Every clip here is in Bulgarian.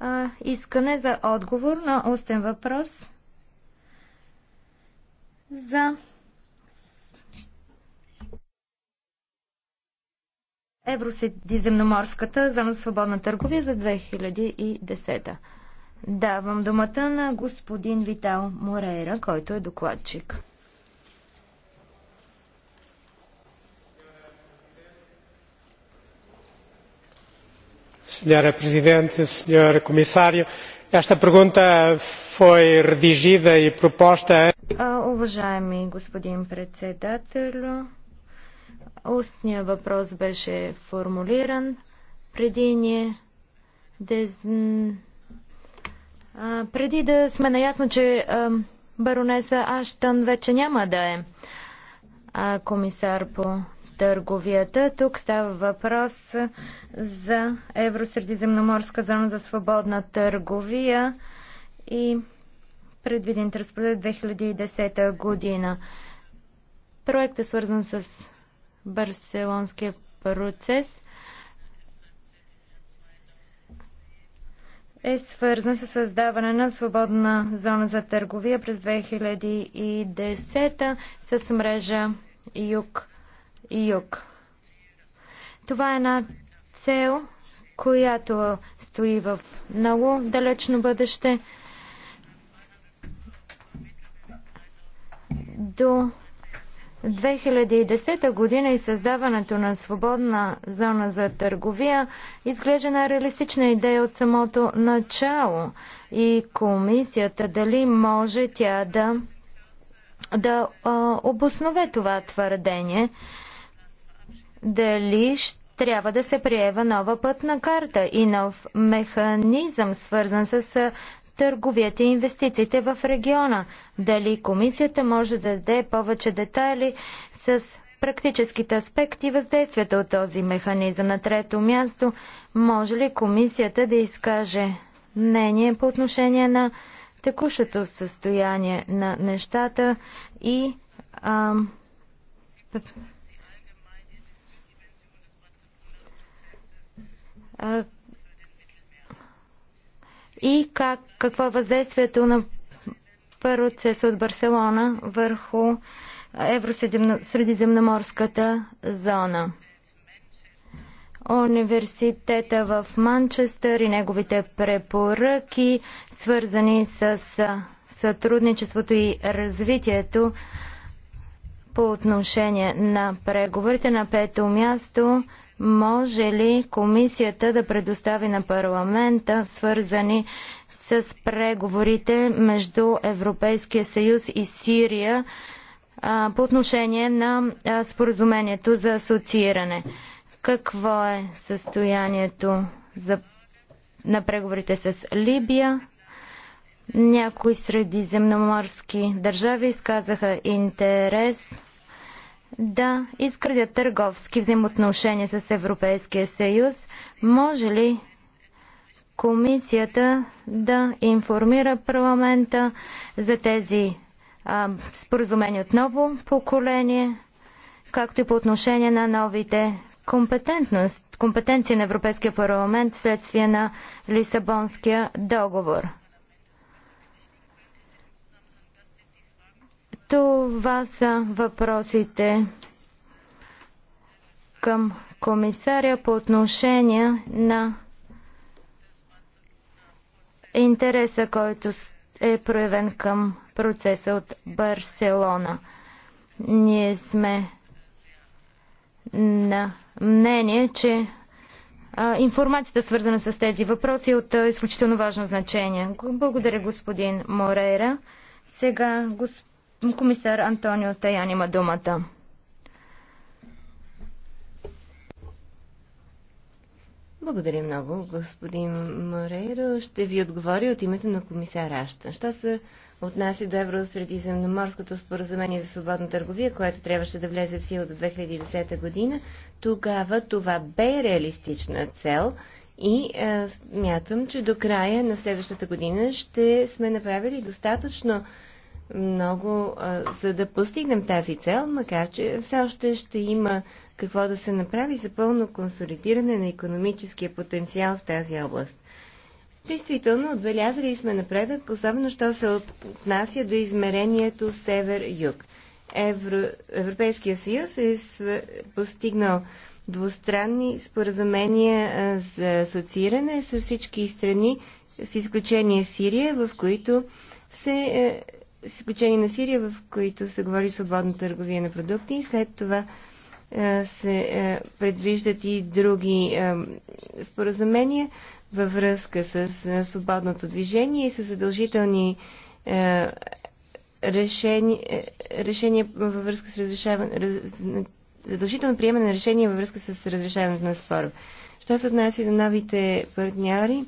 а, искане за отговор на устен въпрос за Евросредиземноморската зона свободна търговия за 2010. Давам думата на господин Витал Морейра, който е докладчик. senhora presidente senhor comissário esta pergunta foi redigida e proposta Уважаеми господин председател, устният въпрос беше формулиран преди ние да преди да сме наясно, че баронеса Аштън вече няма да е комисар по търговията. Тук става въпрос за Евросредиземноморска зона за свободна търговия и предвиден разпределят 2010 година. Проект е свързан с Барселонския процес. е свързан с създаване на свободна зона за търговия през 2010 с мрежа Юг и юг. Това е една цел, която стои в много далечно бъдеще. До 2010 година и създаването на свободна зона за търговия изглежда на реалистична идея от самото начало и комисията дали може тя да, да а, обоснове това твърдение дали трябва да се приева нова пътна карта и нов механизъм, свързан с търговията и инвестициите в региона. Дали комисията може да даде повече детайли с практическите аспекти и въздействията от този механизъм. На трето място, може ли комисията да изкаже мнение по отношение на текущото състояние на нещата и а, и как, какво е въздействието на процеса от Барселона върху Евросредиземноморската зона. Университета в Манчестър и неговите препоръки, свързани с сътрудничеството и развитието по отношение на преговорите на пето място може ли комисията да предостави на парламента свързани с преговорите между Европейския съюз и Сирия а, по отношение на а, споразумението за асоцииране? Какво е състоянието за, на преговорите с Либия? Някои средиземноморски държави изказаха интерес да изградят търговски взаимоотношения с Европейския съюз, може ли комисията да информира парламента за тези а, споразумения от ново поколение, както и по отношение на новите компетентност, компетенции на Европейския парламент следствие на Лисабонския договор? Това са въпросите към комисаря по отношение на интереса, който е проявен към процеса от Барселона. Ние сме на мнение, че информацията, свързана с тези въпроси, е от изключително важно значение. Благодаря, господин Морейра. Сега, господин Комисар Антонио Таян има думата. Благодаря много, господин Морейро. Ще ви отговоря от името на комисар Аштън. Що се отнася до Евросредиземноморското споразумение за свободна търговия, което трябваше да влезе в сила до 2010 година, тогава това бе реалистична цел и а, е, смятам, че до края на следващата година ще сме направили достатъчно много, за да постигнем тази цел, макар че все още ще има какво да се направи за пълно консолидиране на економическия потенциал в тази област. Действително, отбелязали сме напредък, особено що се отнася до измерението север-юг. Евро... Европейския съюз е св... постигнал двустранни споразумения за асоцииране с всички страни, с изключение Сирия, в които се е, с изключение на Сирия, в които се говори свободна търговия на продукти. И след това е, се е, предвиждат и други е, споразумения във връзка с свободното движение и с задължителни решения, решения във връзка с разрешаване, задължително приемане на решения във връзка с разрешаването на спора. Що се отнася до новите партньори,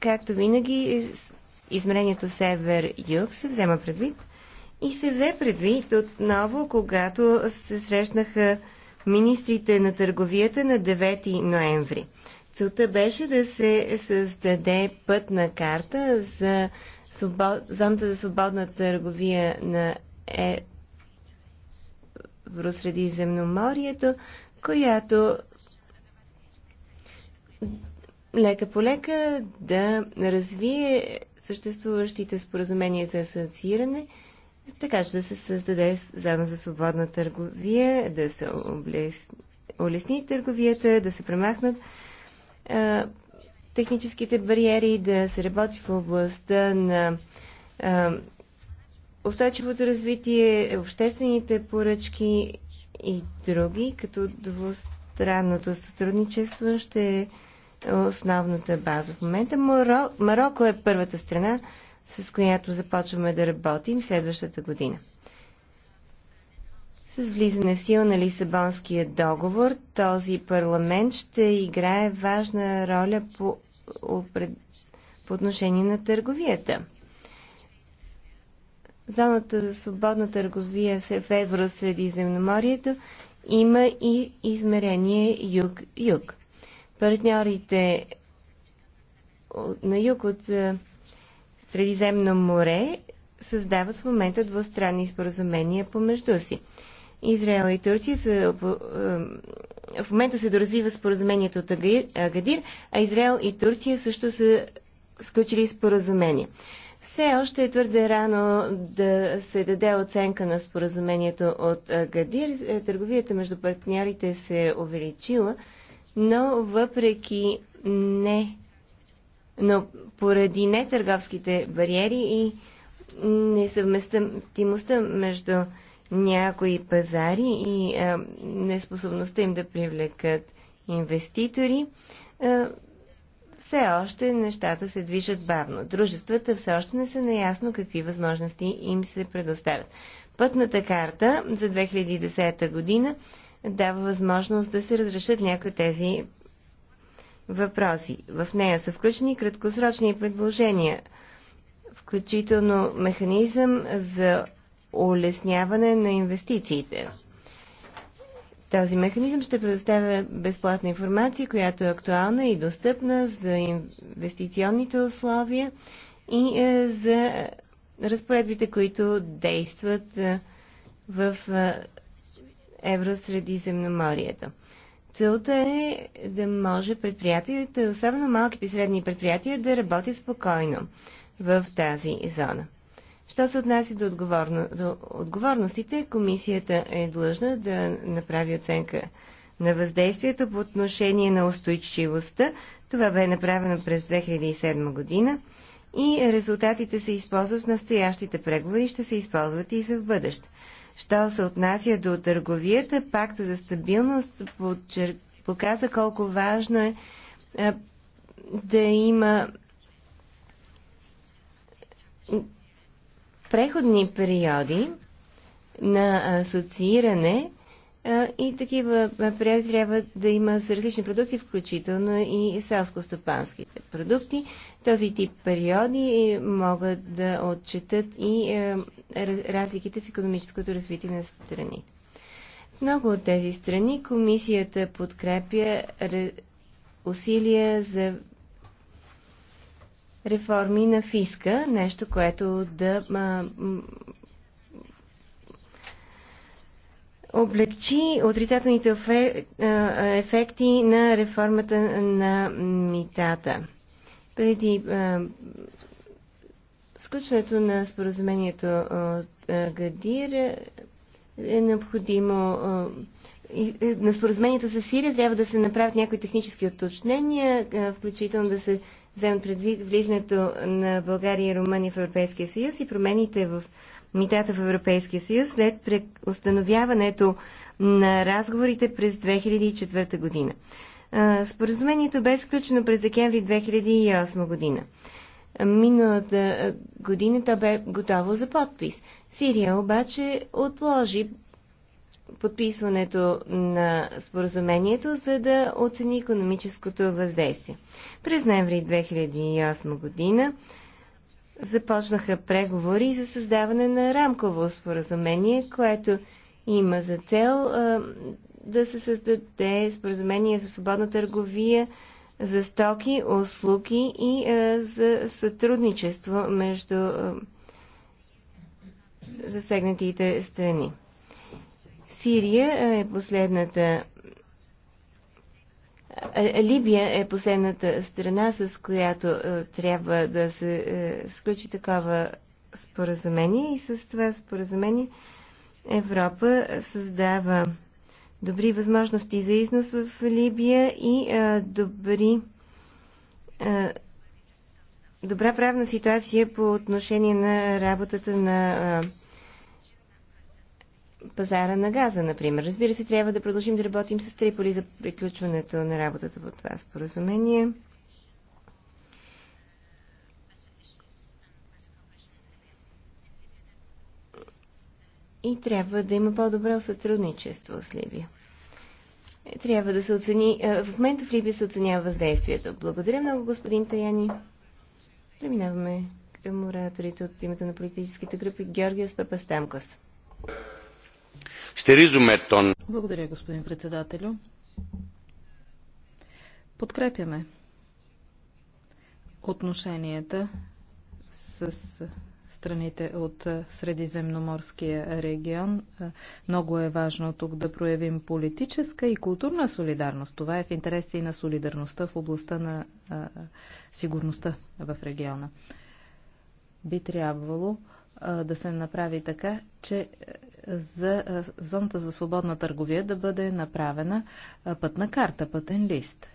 както винаги, измерението север-юг се взема предвид и се взе предвид отново, когато се срещнаха министрите на търговията на 9 ноември. Целта беше да се създаде пътна карта за зоната за свободна търговия на е... Евросредиземноморието, която лека по лека да развие съществуващите споразумения за асоцииране, така че да се създаде заедно за свободна търговия, да се облес... улесни търговията, да се премахнат а, техническите бариери, да се работи в областта на а, устойчивото развитие, обществените поръчки и други, като двустранното сътрудничество ще основната база. В момента Марокко е първата страна, с която започваме да работим следващата година. С влизане в сила на Лисабонския договор, този парламент ще играе важна роля по, по отношение на търговията. Зоната за свободна търговия в Евросредиземноморието има и измерение юг-юг партньорите на юг от е, Средиземно море създават в момента двустранни споразумения помежду си. Израел и Турция са, е, в момента се доразвива споразумението от Агадир, а Израел и Турция също са сключили споразумение. Все още е твърде рано да се даде оценка на споразумението от Агадир. Е, търговията между партньорите се е увеличила но въпреки не, но поради търговските бариери и несъвместимостта между някои пазари и а, неспособността им да привлекат инвеститори, а, все още нещата се движат бавно. Дружествата все още не са наясно какви възможности им се предоставят. Пътната карта за 2010 година дава възможност да се разрешат някои тези въпроси. В нея са включени краткосрочни предложения, включително механизъм за улесняване на инвестициите. Този механизъм ще предоставя безплатна информация, която е актуална и достъпна за инвестиционните условия и е, за разпоредбите, които действат е, в е, Евросредиземноморието. Целта е да може предприятията, особено малките и средни предприятия, да работят спокойно в тази зона. Що се отнася до, отговорно, до отговорностите, комисията е длъжна да направи оценка на въздействието по отношение на устойчивостта. Това бе направено през 2007 година и резултатите се използват в настоящите преговори и ще се използват и за в бъдеще. Що се отнася до търговията, пакта за стабилност подчер... показа колко важно е да има преходни периоди на асоцииране и такива периоди трябва да има с различни продукти, включително и селско-стопанските продукти. Този тип периоди е, могат да отчетат и е, разликите в економическото развитие на страните. В много от тези страни комисията подкрепя усилия за реформи на фиска, нещо, което да облегчи отрицателните ефекти на реформата на митата. Преди а, сключването на споразумението от а, Гадир е необходимо а, и, е, на споразумението с Сирия трябва да се направят някои технически уточнения, включително да се вземат предвид влизането на България и Румъния в Европейския съюз и промените в митата в Европейския съюз след преустановяването на разговорите през 2004 година. Споразумението бе сключено през декември 2008 година. Миналата година то бе готово за подпис. Сирия обаче отложи подписването на споразумението, за да оцени економическото въздействие. През ноември 2008 година започнаха преговори за създаване на рамково споразумение, което има за цел да се създаде споразумение за свободна търговия за стоки, услуги и а, за сътрудничество между а, засегнатите страни. Сирия е последната. Либия е последната страна, с която трябва да се а, сключи такова споразумение и с това споразумение Европа създава добри възможности за износ в Либия и а, добри, а, добра правна ситуация по отношение на работата на а, пазара на газа, например. Разбира се, трябва да продължим да работим с Триполи за приключването на работата по това споразумение. и трябва да има по-добро сътрудничество с Либия. Е, трябва да се оцени... Е, в момента в Либия се оценява въздействието. Благодаря много, господин Таяни. Преминаваме към ораторите от името на политическите групи Георгиос Папастамкос. Благодаря, господин председателю. Подкрепяме отношенията с страните от Средиземноморския регион. Е, много е важно тук да проявим политическа и културна солидарност. Това е в интерес и на солидарността в областта на е, сигурността в региона. Би трябвало е, да се направи така, че за зоната за свободна търговия да бъде направена пътна карта, пътен лист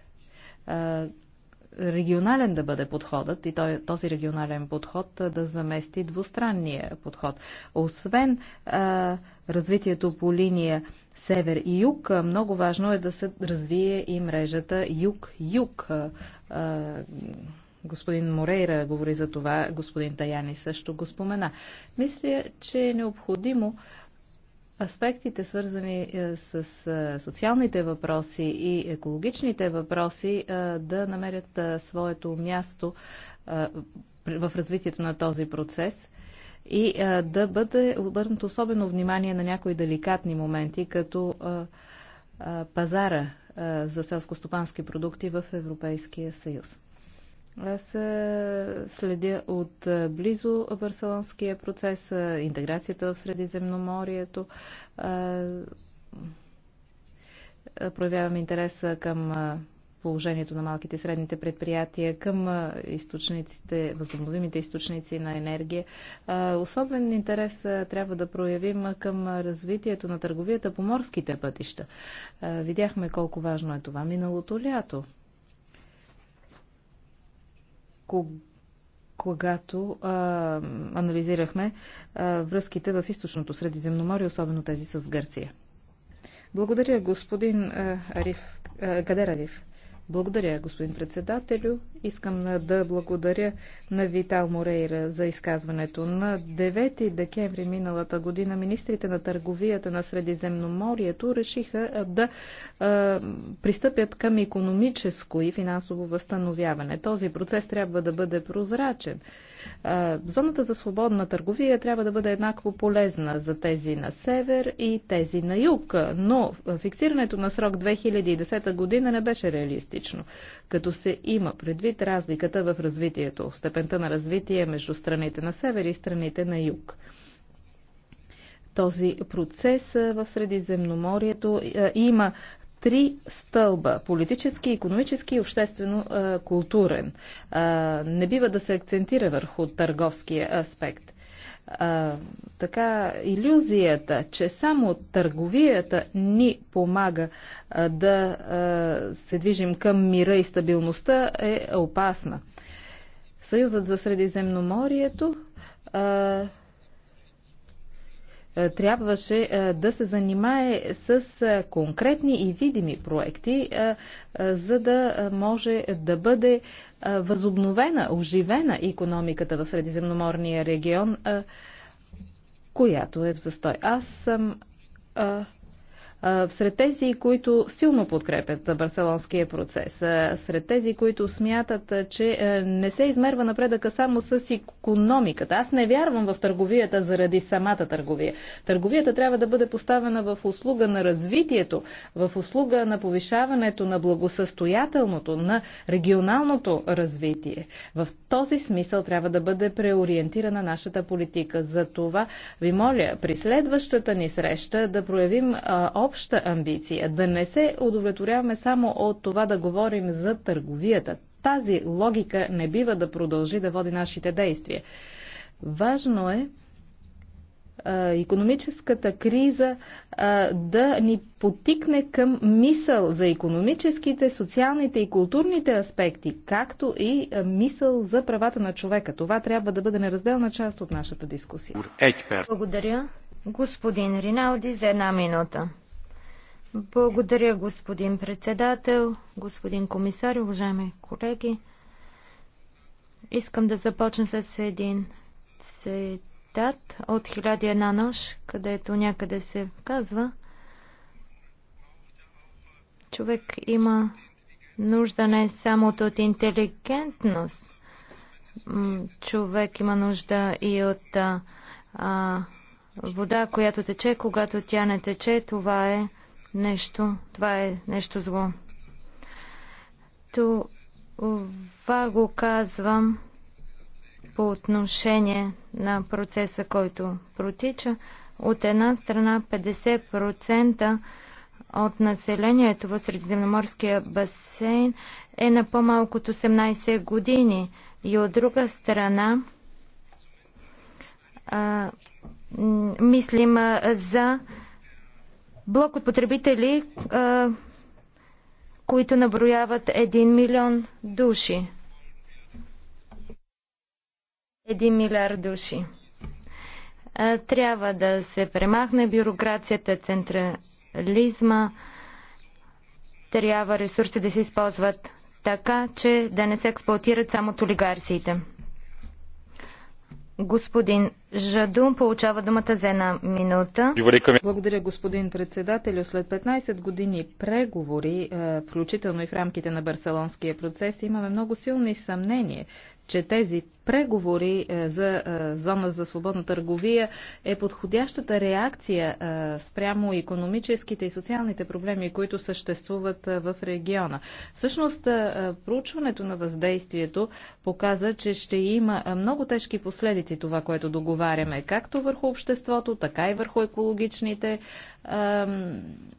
регионален да бъде подходът и той, този регионален подход да замести двустранния подход. Освен а, развитието по линия север и юг, много важно е да се развие и мрежата юг-юг. Господин Морейра говори за това, господин Таяни също го спомена. Мисля, че е необходимо Аспектите, свързани е, с е, социалните въпроси и екологичните въпроси, е, да намерят своето място в развитието на този процес и да бъде обърнато особено внимание на някои деликатни моменти, като пазара за селско-стопански продукти в Европейския съюз. Аз следя от близо барселонския процес, интеграцията в Средиземноморието. Проявявам интерес към положението на малките и средните предприятия, към източниците, възобновимите източници на енергия. Особен интерес трябва да проявим към развитието на търговията по морските пътища. Видяхме колко важно е това миналото лято когато а, анализирахме а, връзките в източното Средиземноморие, особено тези с Гърция. Благодаря, господин а, Ариф. А, къде Ариф. Благодаря, господин председателю. Искам да благодаря на Витал Морейра за изказването. На 9 декември миналата година министрите на търговията на Средиземноморието решиха да е, пристъпят към економическо и финансово възстановяване. Този процес трябва да бъде прозрачен. Е, зоната за свободна търговия трябва да бъде еднакво полезна за тези на север и тези на юг, но фиксирането на срок 2010 година не беше реалистично, като се има предвид разликата в развитието, степента на развитие между страните на север и страните на юг този процес е, в Средиземноморието има три стълба политически, економически и обществено-културен. Не бива да се акцентира върху търговския аспект. А, така, иллюзията, че само търговията ни помага а, да а, се движим към мира и стабилността е опасна. Съюзът за Средиземноморието а, е, трябваше е, да се занимае с е, конкретни и видими проекти, за да може да бъде възобновена, оживена економиката в Средиземноморния регион, която е в застой. Аз съм сред тези, които силно подкрепят барселонския процес, сред тези, които смятат, че не се измерва напредъка само с економиката. Аз не вярвам в търговията заради самата търговия. Търговията трябва да бъде поставена в услуга на развитието, в услуга на повишаването на благосъстоятелното, на регионалното развитие. В този смисъл трябва да бъде преориентирана нашата политика. За това ви моля при следващата ни среща да проявим а, обща амбиция, да не се удовлетворяваме само от това да говорим за търговията. Тази логика не бива да продължи да води нашите действия. Важно е економическата криза да ни потикне към мисъл за економическите, социалните и културните аспекти, както и мисъл за правата на човека. Това трябва да бъде неразделна част от нашата дискусия. Благодаря. Господин Риналди за една минута. Благодаря, господин председател, господин комисар, уважаеми колеги. Искам да започна с един цитат от Хиляди една нощ, където някъде се казва човек има нужда не само от интелигентност, човек има нужда и от а, вода, която тече, когато тя не тече, това е нещо. Това е нещо зло. Това го казвам по отношение на процеса, който протича. От една страна 50% от населението в Средиземноморския басейн е на по-малко от 18 години и от друга страна а, мислим а, за блок от потребители, които наброяват 1 милион души. 1 милиард души. Трябва да се премахне бюрокрацията, централизма. Трябва ресурсите да се използват така, че да не се експлуатират само от олигарсиите. Господин Жаду получава думата за една минута. Благодаря, господин председател, След 15 години преговори, включително и в рамките на Барселонския процес, имаме много силни съмнения, че тези преговори е, за е, зона за свободна търговия е подходящата реакция е, спрямо економическите и социалните проблеми, които съществуват в региона. Всъщност, проучването на въздействието показа, че ще има много тежки последици това, което договаряме, както върху обществото, така и върху екологичните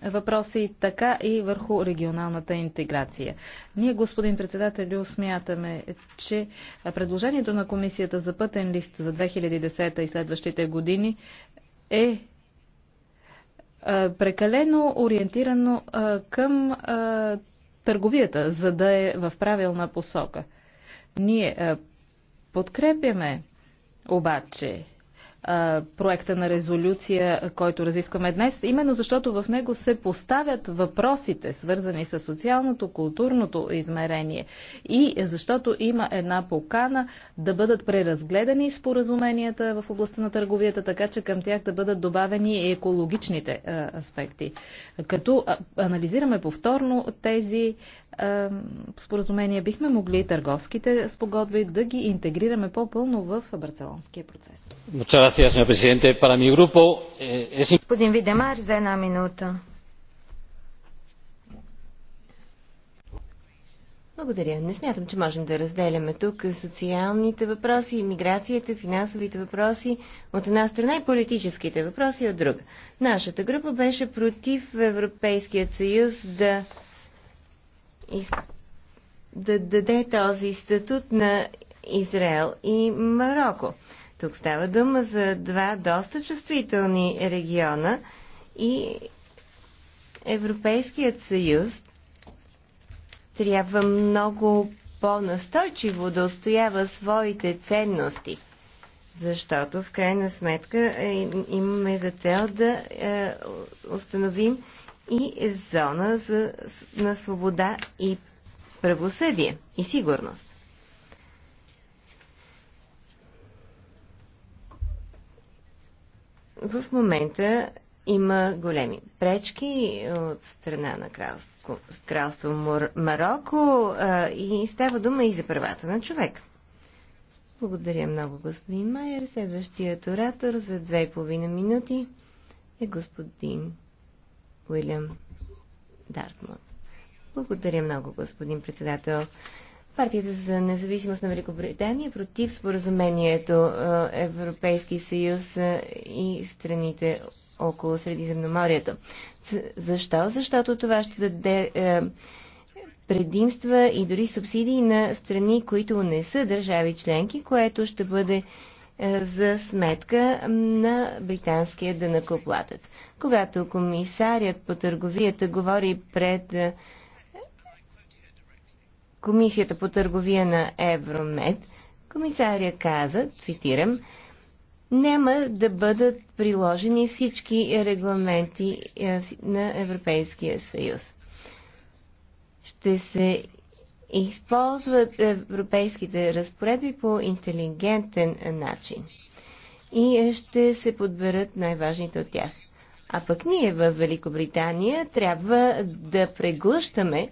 въпроси, така и върху регионалната интеграция. Ние, господин председател, смятаме, че предложението на комисията за пътен лист за 2010 и следващите години е прекалено ориентирано към търговията, за да е в правилна посока. Ние подкрепяме обаче проекта на резолюция, който разискваме днес, именно защото в него се поставят въпросите, свързани с социалното, културното измерение и защото има една покана да бъдат преразгледани споразуменията в областта на търговията, така че към тях да бъдат добавени и екологичните аспекти. Като анализираме повторно тези споразумение бихме могли търговските спогодби да ги интегрираме по-пълно в барселонския процес. Eh, Господин Видемар, за една минута. Благодаря. Не смятам, че можем да разделяме тук социалните въпроси, иммиграцията, финансовите въпроси от една страна и политическите въпроси от друга. Нашата група беше против Европейският съюз да да даде този статут на Израел и Марокко. Тук става дума за два доста чувствителни региона и Европейският съюз трябва много по-настойчиво да устоява своите ценности, защото в крайна сметка е, имаме за цел да е, установим и зона за, на свобода и правосъдие и сигурност. В момента има големи пречки от страна на кралство, кралство Мор, Марокко а, и става дума и за правата на човек. Благодаря много, господин Майер. Следващият оратор за две и половина минути е господин Уилям Дартмут. Благодаря много, господин председател. Партията за независимост на Великобритания е против споразумението Европейски съюз и страните около Средиземноморието. Защо? Защото това ще даде предимства и дори субсидии на страни, които не са държави членки, което ще бъде е, за сметка на британския дънакоплатец. Когато комисарят по търговията говори пред е, Комисията по търговия на Евромед, комисаря каза, цитирам, няма да бъдат приложени всички регламенти е, на Европейския съюз. Ще се използват европейските разпоредби по интелигентен начин и ще се подберат най-важните от тях. А пък ние в Великобритания трябва да преглъщаме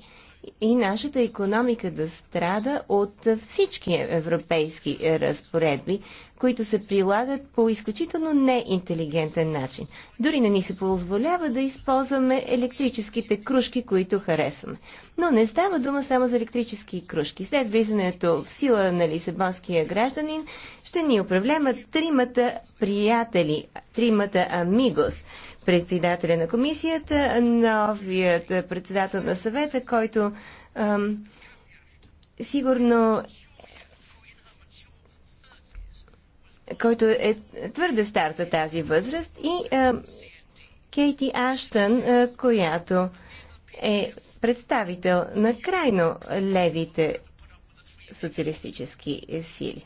и нашата економика да страда от всички европейски разпоредби, които се прилагат по изключително неинтелигентен начин. Дори не ни се позволява да използваме електрическите кружки, които харесваме. Но не става дума само за електрически кружки. След влизането в сила на Лисабонския гражданин ще ни управляват тримата приятели, тримата амигос, председателя на комисията, новият председател на съвета, който ам, сигурно който е твърде стар за тази възраст и ам, Кейти Аштън, която е представител на крайно левите социалистически сили.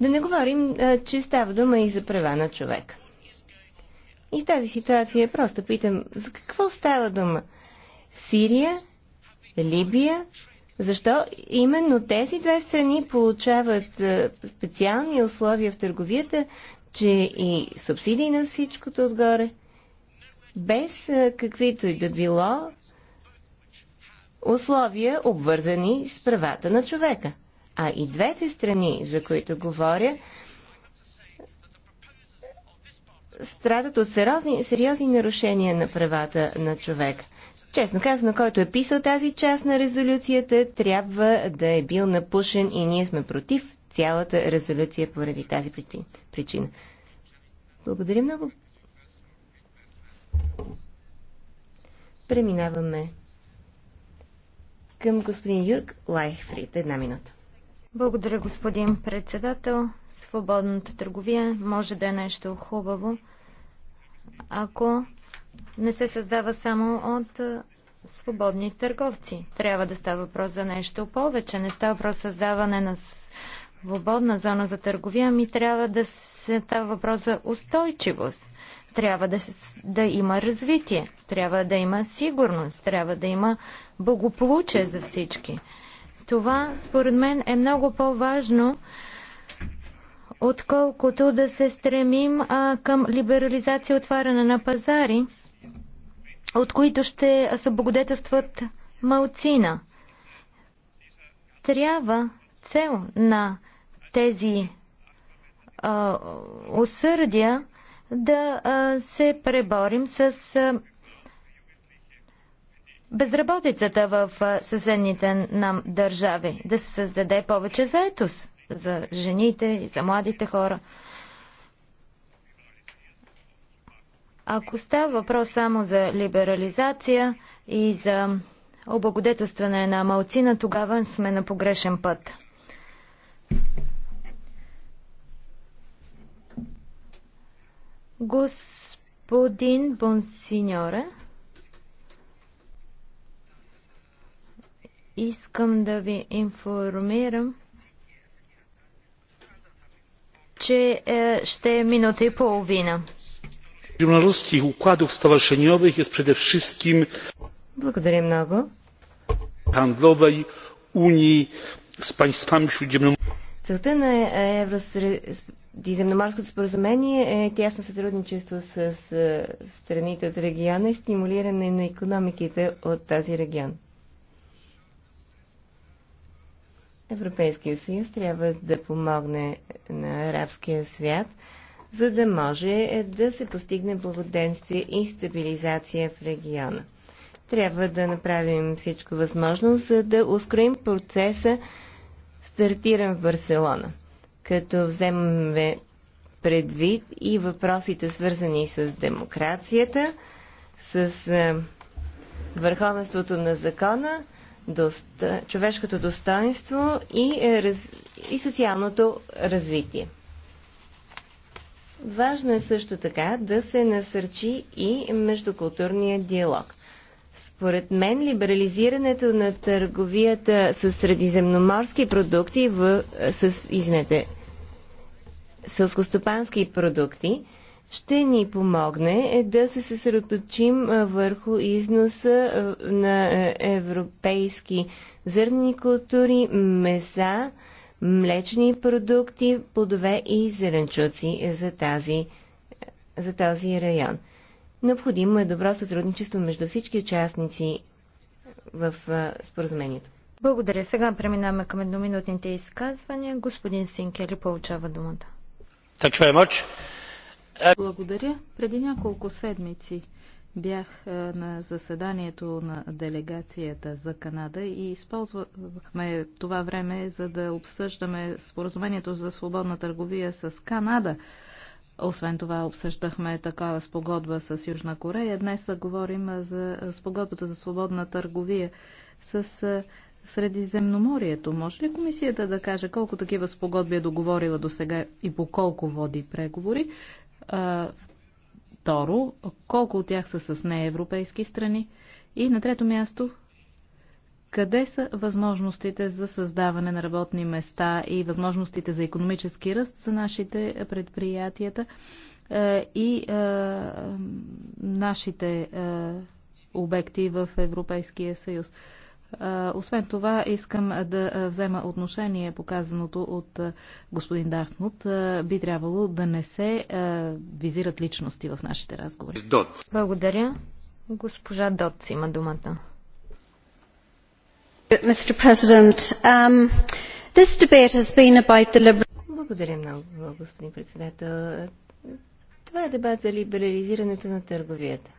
Да не говорим, че става дума и за права на човека. И в тази ситуация просто питам, за какво става дума? Сирия, Либия, защо именно тези две страни получават специални условия в търговията, че и субсидии на всичкото отгоре, без каквито и да било условия, обвързани с правата на човека? А и двете страни, за които говоря, страдат от сериозни, сериозни нарушения на правата на човека. Честно казано, който е писал тази част на резолюцията, трябва да е бил напушен и ние сме против цялата резолюция поради тази причина. Благодаря много. Преминаваме към господин Юрк Лайхфрид. Една минута. Благодаря, господин председател. Свободната търговия може да е нещо хубаво, ако не се създава само от свободни търговци. Трябва да става въпрос за нещо повече. Не става въпрос за създаване на свободна зона за търговия, ми трябва да се става въпрос за устойчивост. Трябва да, се, да има развитие, трябва да има сигурност, трябва да има благополучие за всички. Това, според мен, е много по-важно, отколкото да се стремим а, към либерализация и отваряне на пазари, от които ще се благодетелстват малцина. Трябва цел на тези а, усърдия да а, се преборим с а, безработицата в съседните нам държави, да се създаде повече заетост за жените и за младите хора. Ако става въпрос само за либерализация и за облагодетелстване на малцина, тогава сме на погрешен път. Господин Бонсиньоре. Искам да ви информирам, че е, ще е минута и половина. Международских укладов stowarzyszeniowych jest przede wszystkim Благодаря много. Handlowej Unii z państwami śródziemnomorskimi. Целта на Евросредиземноморското споразумение е тясно сътрудничество с страните от региона и стимулиране на економиките от тази регион. Европейския съюз трябва да помогне на арабския свят, за да може да се постигне благоденствие и стабилизация в региона. Трябва да направим всичко възможно, за да ускорим процеса, стартиран в Барселона, като вземаме предвид и въпросите свързани с демокрацията, с е, върховенството на закона, доста, човешкото достоинство и, е, раз, и социалното развитие. Важно е също така да се насърчи и междукултурния диалог. Според мен либерализирането на търговията с средиземноморски продукти в, с, извинете, сълскостопански продукти – ще ни помогне е да се съсредоточим върху износа на европейски зърнени култури, меса, млечни продукти, плодове и зеленчуци за, тази, за този район. Необходимо е добро сътрудничество между всички участници в споразумението. Благодаря. Сега преминаваме към едноминутните изказвания. Господин Синкели получава думата. Thank благодаря. Преди няколко седмици бях е, на заседанието на делегацията за Канада и използвахме това време, за да обсъждаме споразумението за свободна търговия с Канада. Освен това обсъждахме такава спогодба с Южна Корея. Днес говорим за спогодбата за свободна търговия с е, Средиземноморието. Може ли комисията да каже колко такива спогодби е договорила до сега и по колко води преговори? Второ, колко от тях са с неевропейски страни? И на трето място, къде са възможностите за създаване на работни места и възможностите за економически ръст за нашите предприятията и нашите обекти в Европейския съюз? Освен това, искам да взема отношение показаното от господин Дахнут. Би трябвало да не се визират личности в нашите разговори. Доц. Благодаря. Госпожа Доц има думата. Благодаря много, господин председател. Това е дебат за либерализирането на търговията.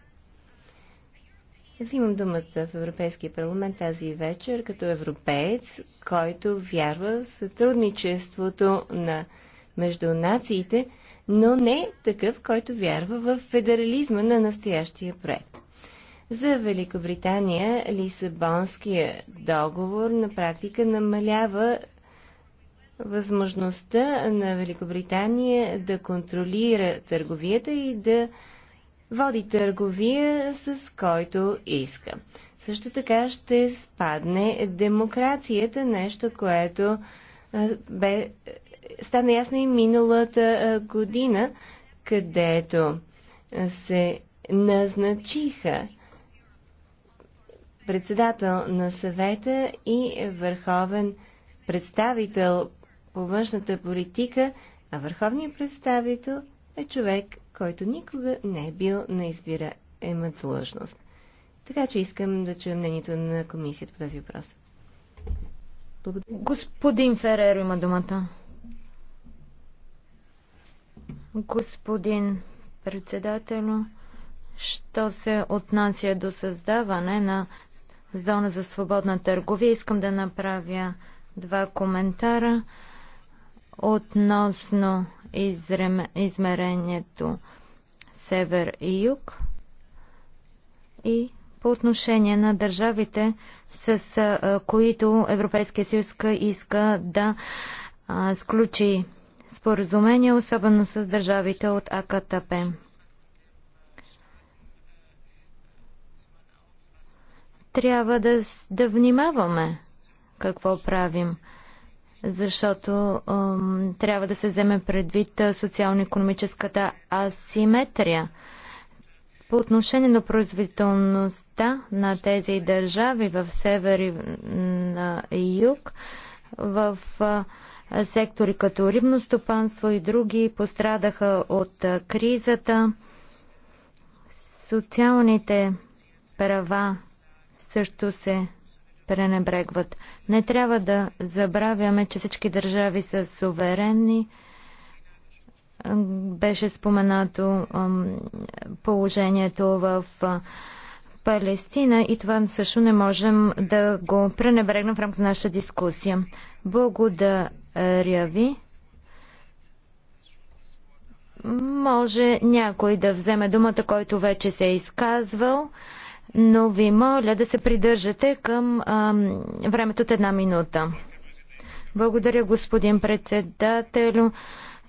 Взимам думата в Европейския парламент тази вечер като европеец, който вярва в сътрудничеството на между нациите, но не такъв, който вярва в федерализма на настоящия проект. За Великобритания Лисабонския договор на практика намалява възможността на Великобритания да контролира търговията и да води търговия с който иска. Също така ще спадне демокрацията, нещо, което бе, стана ясно и миналата година, където се назначиха председател на съвета и върховен представител по външната политика, а върховният представител е човек който никога не е бил на избираема длъжност. Така че искам да чуя мнението на комисията по тази въпрос. Благодаря. Господин Фереро има думата. Господин председател, що се отнася до създаване на зона за свободна търговия, искам да направя два коментара относно измерението север и юг и по отношение на държавите, с които Европейския съюз иска да а, сключи споразумение, особено с държавите от АКТП. Трябва да, да внимаваме какво правим защото ам, трябва да се вземе предвид социално-економическата асиметрия. По отношение на производителността на тези държави в север и на юг, в а, сектори като рибно стопанство и други пострадаха от а, кризата. Социалните права също се пренебрегват. Не трябва да забравяме, че всички държави са суверенни. Беше споменато положението в Палестина и това също не можем да го пренебрегнем в рамките на нашата дискусия. Благодаря ви. Може някой да вземе думата, който вече се е изказвал но ви моля да се придържате към а, времето от една минута. Благодаря, господин председател.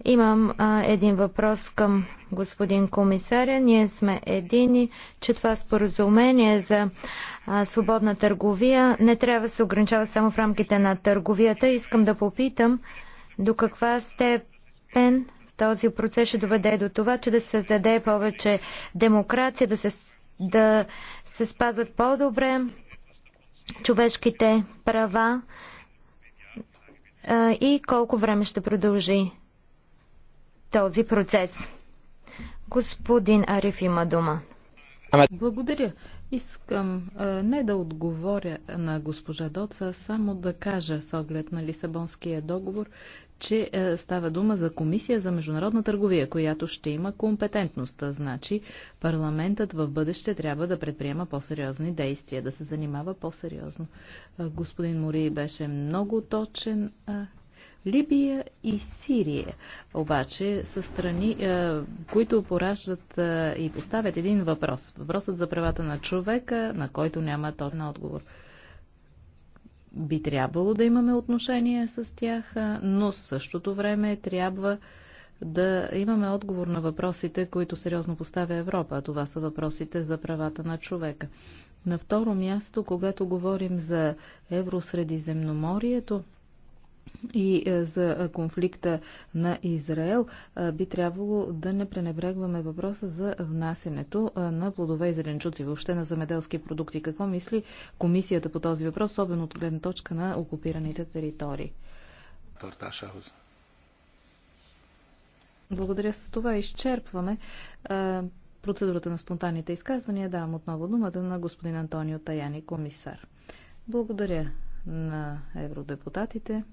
Имам а, един въпрос към господин комисаря. Ние сме едини, че това споразумение за а, свободна търговия не трябва да се ограничава само в рамките на търговията. Искам да попитам до каква степен този процес ще доведе до това, че да се създаде повече демокрация, да се да се спазват по-добре човешките права и колко време ще продължи този процес. Господин Ариф има дума. Благодаря. Искам а, не да отговоря на госпожа Доца, само да кажа с оглед на Лисабонския договор, че а, става дума за комисия за международна търговия, която ще има компетентност. Значи парламентът в бъдеще трябва да предприема по-сериозни действия, да се занимава по-сериозно. господин Мори беше много точен. А, Либия и Сирия обаче са страни, е, които пораждат е, и поставят един въпрос. Въпросът за правата на човека, на който няма на отговор. Би трябвало да имаме отношение с тях, е, но същото време трябва да имаме отговор на въпросите, които сериозно поставя Европа. това са въпросите за правата на човека. На второ място, когато говорим за Евросредиземноморието, и е, за е, конфликта на Израел, е, би трябвало да не пренебрегваме въпроса за внасенето на плодове и зеленчуци, въобще на замеделски продукти. Какво мисли комисията по този въпрос, особено от гледна точка на окупираните територии? Благодаря с това изчерпваме процедурата на спонтанните изказвания. Давам отново думата на господин Антонио Таяни, комисар. Благодаря на евродепутатите.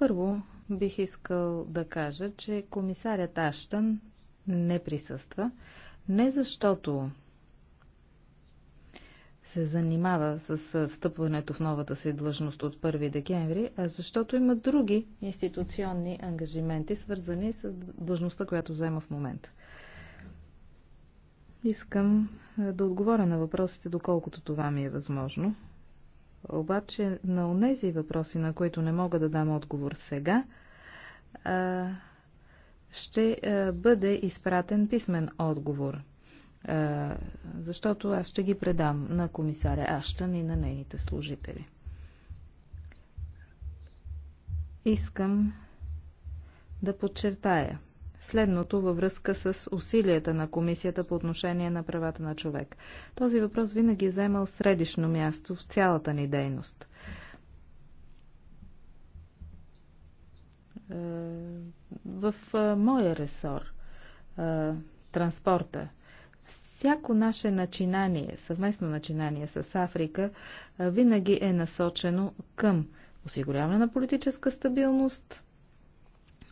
Първо, бих искал да кажа, че комисарят Аштън не присъства, не защото се занимава с встъпването в новата си длъжност от 1 декември, а защото има други институционни ангажименти, свързани с длъжността, която взема в момента. Искам да отговоря на въпросите, доколкото това ми е възможно, обаче на онези въпроси, на които не мога да дам отговор сега, ще бъде изпратен писмен отговор. Защото аз ще ги предам на комисаря Аштън и на нейните служители. Искам да подчертая – следното във връзка с усилията на Комисията по отношение на правата на човек. Този въпрос винаги е заемал средишно място в цялата ни дейност. Е, в е, моя ресор, е, транспорта, всяко наше начинание, съвместно начинание с Африка, винаги е насочено към осигуряване на политическа стабилност,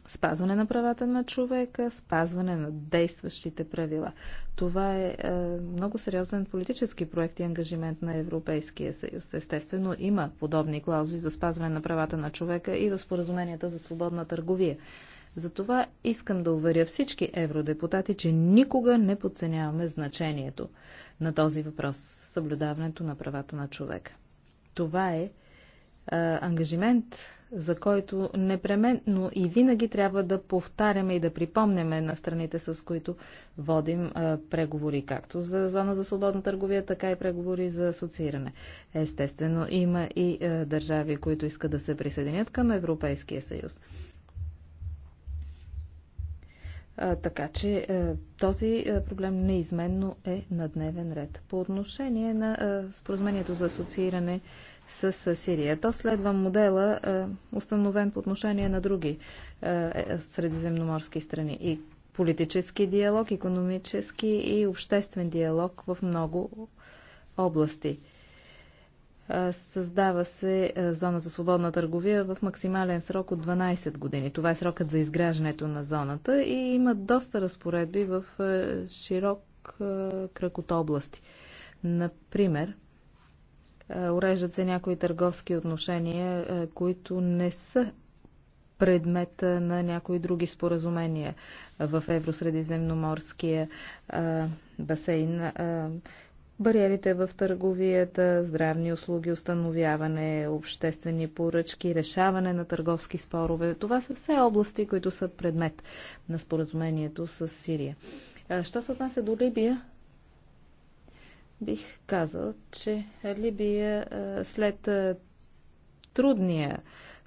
спазване на правата на човека, спазване на действащите правила. Това е, е много сериозен политически проект и ангажимент на Европейския съюз. Естествено, има подобни клаузи за спазване на правата на човека и в споразуменията за свободна търговия. Затова искам да уверя всички евродепутати, че никога не подценяваме значението на този въпрос съблюдаването на правата на човека. Това е е, ангажимент, за който непременно и винаги трябва да повтаряме и да припомняме на страните, с които водим а, е, преговори, както за зона за свободна търговия, така и преговори за асоцииране. Естествено, има и а, е, държави, които искат да се присъединят към Европейския съюз. А, така че този проблем неизменно е на дневен ред. По отношение на споразумението за асоцииране, с Сирия. То следва модела, е, установен по отношение на други е, е, средиземноморски страни. И политически диалог, економически и обществен диалог в много области. Създава се зона за свободна търговия в максимален срок от 12 години. Това е срокът за изграждането на зоната и има доста разпоредби в широк кръг от области. Например, е, уреждат се някои търговски отношения, е, които не са предмет на някои други споразумения в Евросредиземноморския е, басейн. Бариерите в търговията, здравни услуги, установяване, обществени поръчки, решаване на търговски спорове. Това са все области, които са предмет на споразумението с Сирия. Що се отнася до Либия, бих казал, че Либия след трудния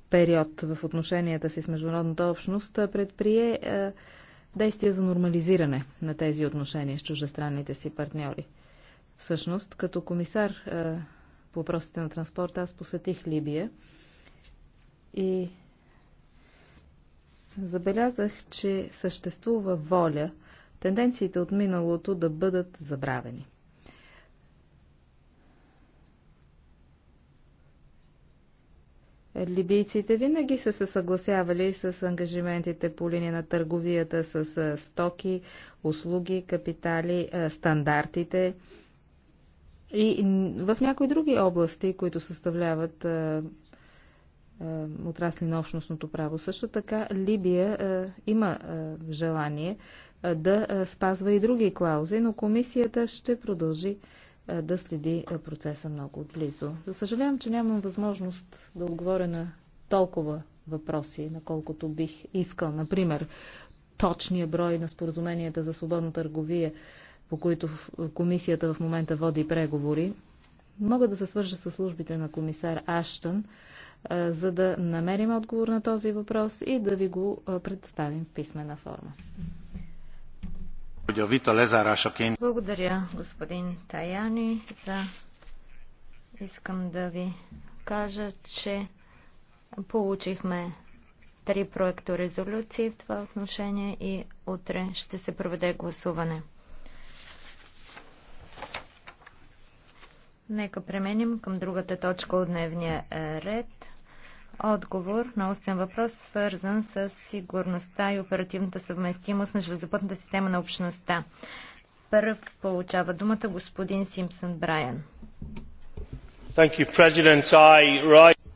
период в отношенията си с международната общност предприе действия за нормализиране на тези отношения с чуждестранните си партньори. Всъщност, като комисар по въпросите на транспорта, аз посетих Либия и забелязах, че съществува воля тенденциите от миналото да бъдат забравени. Либийците винаги са се съгласявали с ангажиментите по линия на търговията с стоки, услуги, капитали, стандартите и в някои други области, които съставляват отрасли на общностното право. Също така Либия има желание да спазва и други клаузи, но комисията ще продължи е, да следи е, процеса много отблизо. За съжалявам, че нямам възможност да отговоря на толкова въпроси, наколкото бих искал. Например, точния брой на споразуменията за свободна търговия, по които комисията в момента води преговори. Мога да се свържа с службите на комисар Аштън, е, за да намерим отговор на този въпрос и да ви го представим в писмена форма. Благодаря, господин Таяни, за... Искам да ви кажа, че получихме три проекто резолюции в това отношение и утре ще се проведе гласуване. Нека пременим към другата точка от дневния е, ред отговор на устен въпрос, свързан с сигурността и оперативната съвместимост на железопътната система на общността. Първ получава думата господин Симпсън Брайан. You, I...